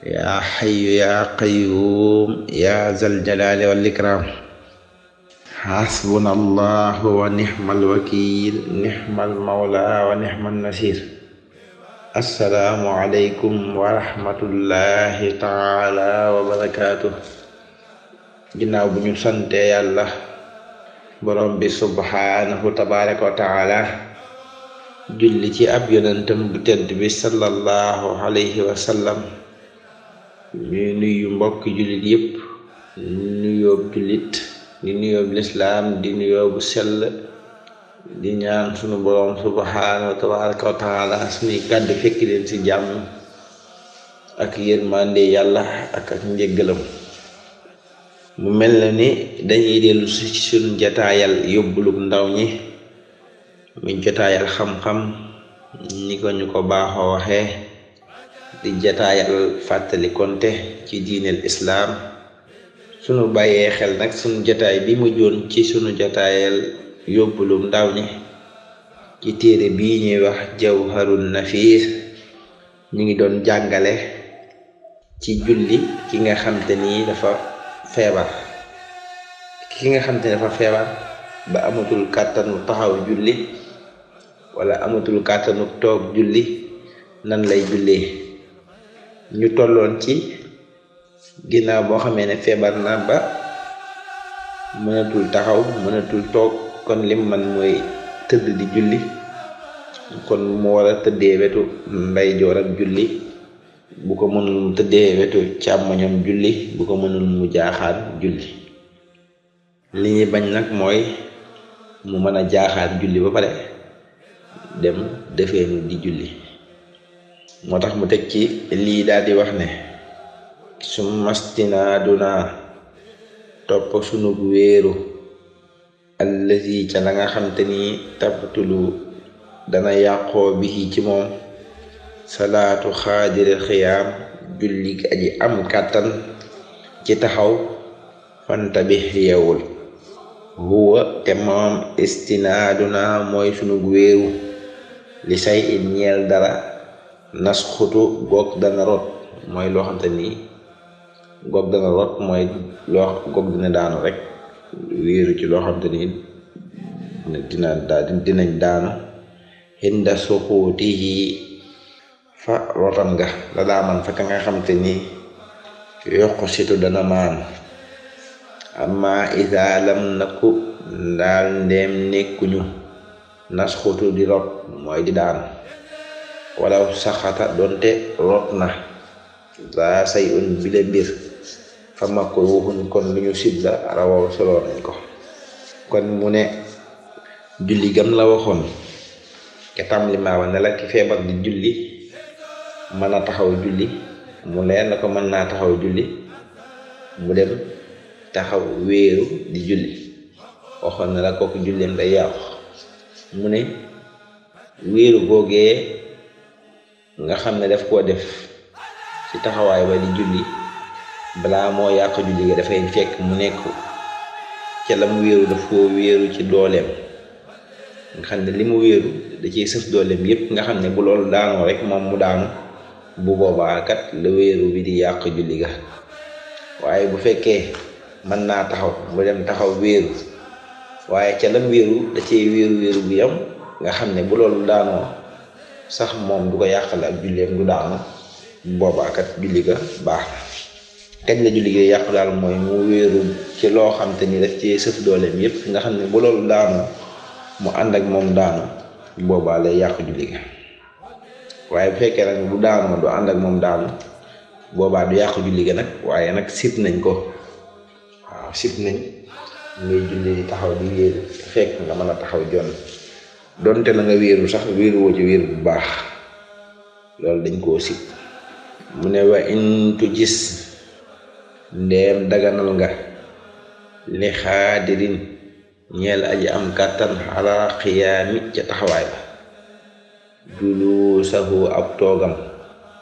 yaa xayu yaa qayuum yaa zal jalaali wal ikraam xasbuna allahu wa nixmal wakiil nixmal mawla wa nixmal nasiir assalaamu aleykum wa rahmatullahi taala wa barakaatu ginnaaw bu ñu sante yàlla borom bi subhaanahu tabaraka wa taala julli ci ab yonentam bu tedd bi sallallahu alayhi wa sallam ñuy nuyu mbokk jullit yépp nuyoob jullit di nuyoob lislaam di nuyoobu sell di ñaan sunu boroom subhaanahu tabaraka wa taala sunuy kàddu fekk leen ci jàmm ak yërmande yàlla ak ak njëggalam mu mel na ni dañuy dellu si ci sunu ndaw ñi muy jotaayal xam-xam ni ko ñu ko baaxoo waxee di jataayal fàttalikonte ci diineel islaam sunu bàyyee xel nag sunu jataay bi mu mujjoon ci sunu jataayal yóbbulum ndaw ñi ci téere bii ñuy wax jawharun nafiis ñu ngi doon jàngale ci julli ki nga xamte nii dafa feebar ki nga xamte ni dafa feebar ba amatul kàttanu taxaw julli wala amatul kàttanu toog julli nan lay jullee ñu tolloon ci ginnaaw boo xamee ne feebar na ba mënatul taxaw mënatul toog kon lim man mooy tëdd di julli kon mu war a tëddee wetu ndeyjooram julli bu ko mënul mu tëddee wetu càmmoñam julli bu ko mënul mu jaaxaan julli li ñuy bañ nag mooy mu mën a jaaxaan julli ba pare dem defee nu di julli moo tax mu teg ci lii daal di wax ne su mastinaaduna topp sunug wéeru allazi ca la nga xam te ni tabtulu dana yàqoo bi ci moom salaatu xaadiri xiyaam julli am kàttan ci taxaw fanta bi yeewul huwa te moom istinaaduna mooy sunug wéeru li say it ñeel dara nasxutu goog dana rot mooy loo xam te nii goog dana rot mooy loo goog dina daanu rek wéeru ci loo xam te nii dina daa dinañ daanu hinda suxuutihi fa rotam nga la daaman fa ka nga xam te nii yokku situ dana maan amma ida lam naku ndaal ndeem nekkuñu nasxutu di rot mooy di daanu wala saxata donte rot na say un bile mbir fa makruhun kon lu ñu sib la rawaw soloo nañ ko kon mu ne julli gam la waxoon ke tàmbali maawa ne la ki feebar di julli mën a taxaw julli mu mën naa taxaw julli mu dem taxaw wéeru di julli waxoon na la kooku julleem day yàqu mu ne wéeru googee nga xam ne daf koo def ci taxawaay ba di julli balaa moo yàq julli ga dafay fekk mu nekk ca la mu wéeru daf koo wéeru ci dooleem nga xam ne li mu wéeru da ciy sëf dooleem yépp nga xam ne bu loolu daanoo rek moom mu daanu bu boobaa kat la wéeru bi di yàq julli ga waaye bu fekkee mën naa taxaw mu taxaw wéeru waaye ca lam wéeru da cee wéeru wéeru xam ne bu loolu daanoo sax moom du ko yàqale ak julleem du daanu boobaa kat julli ga baax na kañ la julli ga yàqu daal mooy mu wéeru ci loo xam te ni daf cee sëf dooleem yépp nga xam ne bu loolu daanu mu ànd ak moom daanu boobaa lay yàqu julli ga bu fekkee nag bu daanoo du ànd ak moom daanu boobaa du yàqu julli ga nag waaye nag siit nañ ko waaw sit nañ ngay julli taxaw di wéeru fekk nga mën a taxaw jonn donte la nga wéeru sax wéeru woo ci bu baax loolu dañ koo sib mu ne wa intu gis ndeem daganal nga li xaadirin ñeel aji am kàttan ala xiyaami ca taxawaay ba julusahu ab toogam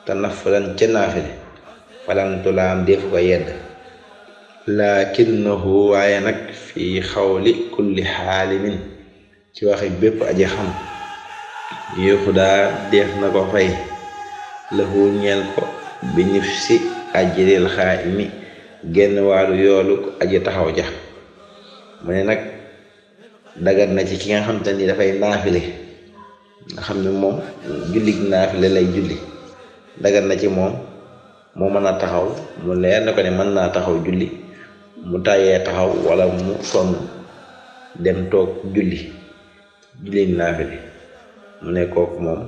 te nafalan ca naafile falantulaam defu ko yedd lakinnahu waaye nag fi xawli kulli xaalimin ci waxi bépp aji xam yéexu daa def na ko fay lëxu ñeel ko bi nif si ajril xaay mi genn wàllu yoolu aj taxaw ja mu ne nag dagat na ci ki nga xam ni dafay naafile nga xam ne moom jullig naafile lay julli dagat na ci moom moo mën a taxaw mu leer na ko ne mën naa taxaw julli mu tàyyee taxaw wala mu sonn dem toog julli julleem naafile mu ne kooku moom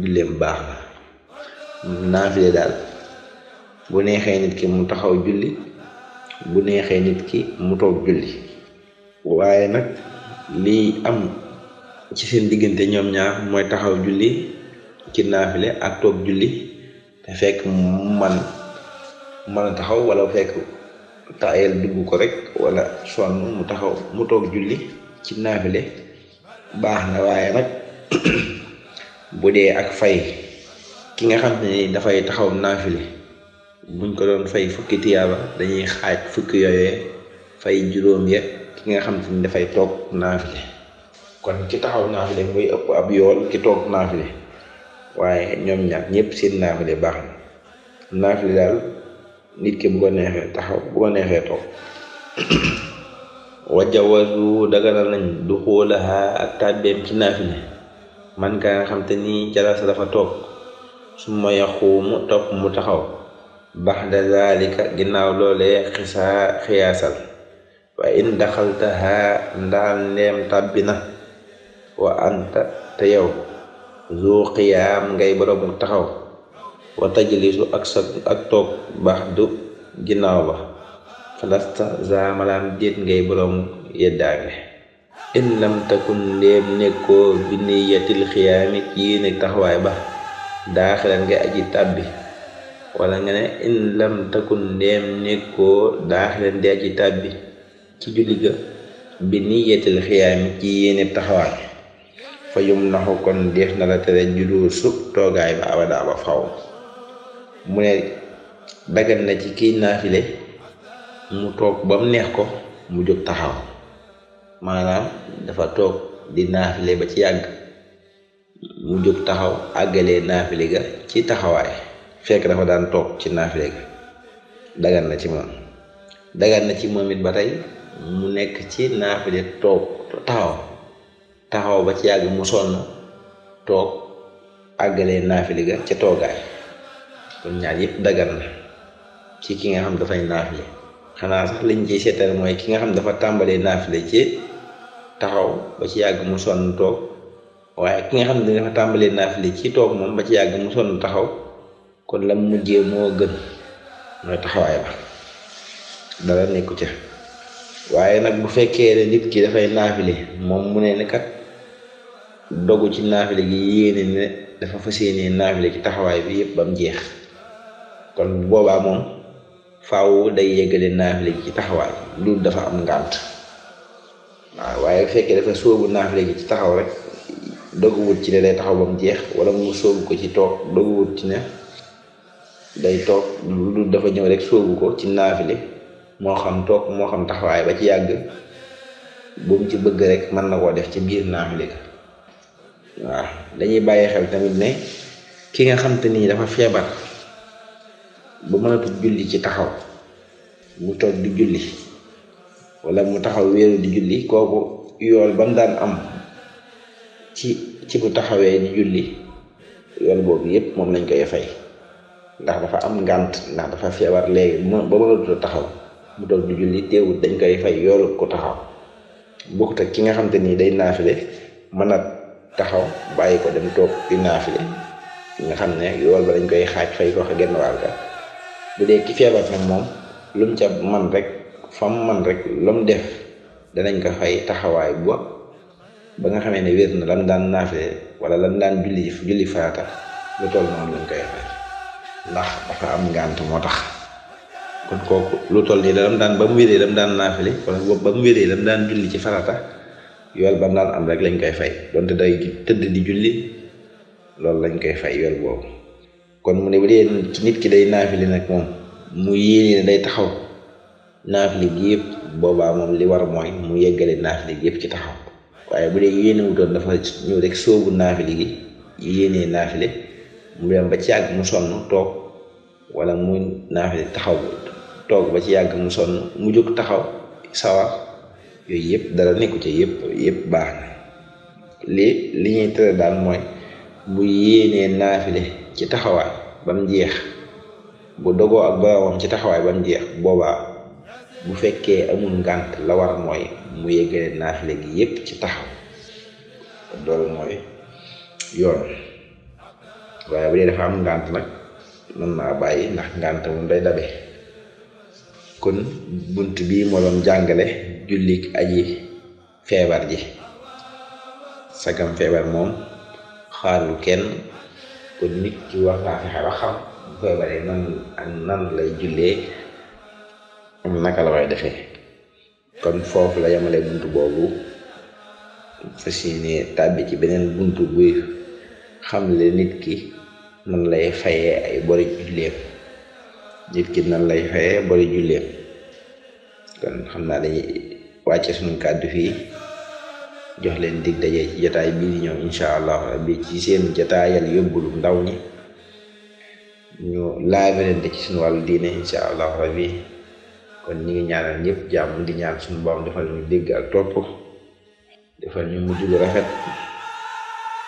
julleem baax la naafile daal bu neexee nit ki mu taxaw julli bu neexee nit ki mu toog julli waaye nag li am ci seen diggante ñoom ñaar mooy taxaw julli ci naafile ak toog julli te fekk mu man mën a taxaw wala fekk taayal dugg ko rek wala sonn mu taxaw mu toog julli ci naafile baax na waaye nag bu dee ak fay ki nga xam ne ni dafay taxaw naafile buñ ko doon fay fukki tiyaaba dañuy xaaj fukki yooyee fay juróom ya ki nga xam ne ni dafay toog naafile kon ki taxaw naafile muy ëpp ab yool ki toog naafile waaye ñoom ñaar ñëpp seen naafile baax na naafile daal nit ki bu neexee taxaw bu neexee toog wa wajawazu daganal nañ du xoolaha ak tàbbeem ci naafile man kaa xam te ni jalasa dafa toog su ma yaxuumu topp mu taxaw baxda zalika ginnaaw loole xisaa xiyaasal wa in daxaltaha ndaal ndeem tàbbi na waa anta te yow zoo xiyaam ngay boroom taxaw wa tajlisu ak sa ak toog baxdu ginnaaw ba falasta za malaam déet ngay boroom yeddaange in lam takun ndéem nekkoo bi niyatil xiyaami ci yéene taxawaay ba daaxilan nga aji tàbbi wala nga ne in lam takun ndéem nekkoo daaxilan di aji tàbbi ci julli ga bi niyatil xiyaami ci yéene taxawaay fa yum naxu kon def na la tere julu sub toogaay ba abadaa ba mu ne dagan na ci kiy naafile mu toog ba mu neex ko mu jóg taxaw maanaam dafa toog di naafile ba ci yàgg mu jóg taxaw àggale naafile ga ci taxawaay fekk dafa daan toog ci naafile ga dagan na ci moom dagan na ci moom it ba tey mu nekk ci naafile toog taxaw taxaw ba ci yàgg mu sonn toog àggalee naafile ga ca toogaay kon ñaar yëpp dagan na ci ki nga xam dafay naafile xanaa sax liñ ciy seetal mooy ki nga xam dafa tàmbalee naafile ci taxaw ba ci yàgg mu sonn toog waaye ki nga xam ne dafa tàmbalee naafile ci toog moom ba ci yàgg mu sonn taxaw kon la mu mujjee moo gën mooy taxawaay ba dara nekku ca waaye nag bu fekkee ne nit ki dafay naafile moom mu ne ne kat dogu ci naafile gi yéene ne dafa fas yéenee naafile ci taxawaay bi yëpp ba mu jeex kon boobaa moom. faaw day yeggale naafile gi ci taxawaay loolu dafa am ngànt waaw waaye bu fekkee dafa sóobu naafile gi ci taxaw rek doguwut ci ne day jeex wala mu sóobu ko ci toog doguwut ci ne day toog dafa ñëw rek sóobu ko ci naafile moo xam toog moo xam taxawaay ba ci yàgg bu ci bëgg rek mën na koo def ci biir naafile ga waa dañuy bàyyi xel tamit ne ki nga xam te ni dafa feebar. ba mënatut julli ci taxaw mu toog di julli wala mu taxaw wéeru di julli kooku yool bam mu daan am ci ci bu taxawee di julli yool boobu yépp moom lañ koy fay ndax dafa am ngànt ndax dafa feebar léegi ba mënatut taxaw mu toog di julli teewut dañ koy fay yoolu ko taxaw bokkut ak ki nga xam te nii day naafile mën a taxaw bàyyi ko dem toog di naafile ki nga xam ne yool ba dañ koy xaaj fay ko xa genn wàll ga bu dee ki feebar nag moom lu mu ca man rek fam man rek lu mu def danañ ko fay taxawaay bu ba nga xamee ne wér na lam daan naafee wala lam daan julli julli faata lu toll noonu lañ moo tax kon kooku lu toll nii lam daan ba mu lam daan naafeli wala boobu mu wéree lam daan julli ci farata yool ba mu daan am rek lañ koy fay donte day tëdd di julli loolu lañ koy fay yool boobu kon mu ne bu dee nit ki day li nag moom mu yéene day taxaw naafile gi yëpp boobaa moom li war mooy mu yeggale naafile gi yëpp ci taxaw waaye bu dee yéene wutoon dafa ñëw rek sóobu naafile gi yéenee naafile mu dem ba ci yàgg mu sonn toog wala mu naafile taxaw toog ba ci yàgg mu sonn mu jóg taxaw sawar yooyu yëpp dara nekku ca yëpp yëpp baax na lii li ñuy tere daal mooy bu yéenee naafile ci taxawaay ba jeex bu dogoo ak boroomam ci taxawaay ba jeex boobaa bu fekkee amul ngànt la war mooy mu yeggale naafile gi yépp ci taxaw loolu mooy yoon waaye bu dee dafa am ngànt nag mën naa abaay ndax ngànt moom day dabe kon bunt bi moo doon jàngale jullik aji feebar ji sagam feebar moom xaaru kenn kon nit ki war naa fexe ba xam bu feebaree nan nan lay jullee naka la koy defee kon foofu la yemale bunt boobu fas yéene tàbbi ci beneen bunt buy le nit ki nan lay fayee ay bori julleem nit ki nan lay fayee bori julleem kon xam naa dañuy wàcce suñu kàddu fii jox leen dig daje ci jataay bii di ñëw incha allahu rabbi ci seen jataayal yóbbulu ndaw ñi ñu laabalante ci suñu wàllu diine incha allahu rabbi kon ñu ngi ñaanal ñëpp jàmm di ñaan suñu boom defal ñu dégg ak topp defal ñu mujj lu rafet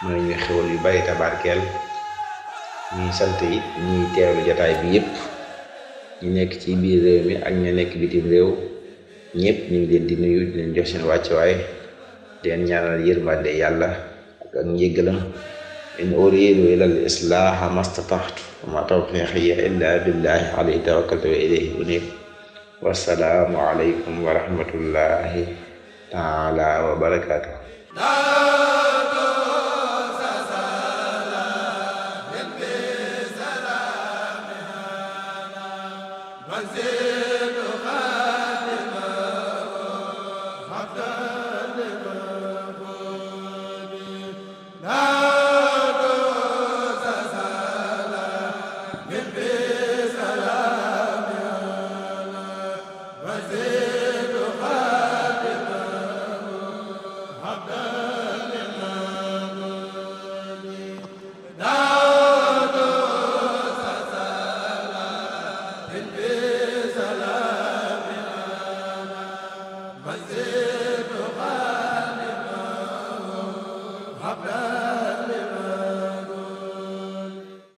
mooy ñu xewal yu bari tabarkeel ñuy sant yi ñuy teewlu jataay bi yépp ñu nekk ci biir réew mi ak ñu nekk bitim réew ñëpp ñu ngi leen di nuyu di leen jox seen wàccuwaay leen ñaanal yërmande yàlla ak ak njéggalam in uridu ila al islaaha mastataxtu ma tawfiqiya illa billahi alayhi tawakkaltu wa ilayhi unib wassalaamu alaykum wa taala wa Amen.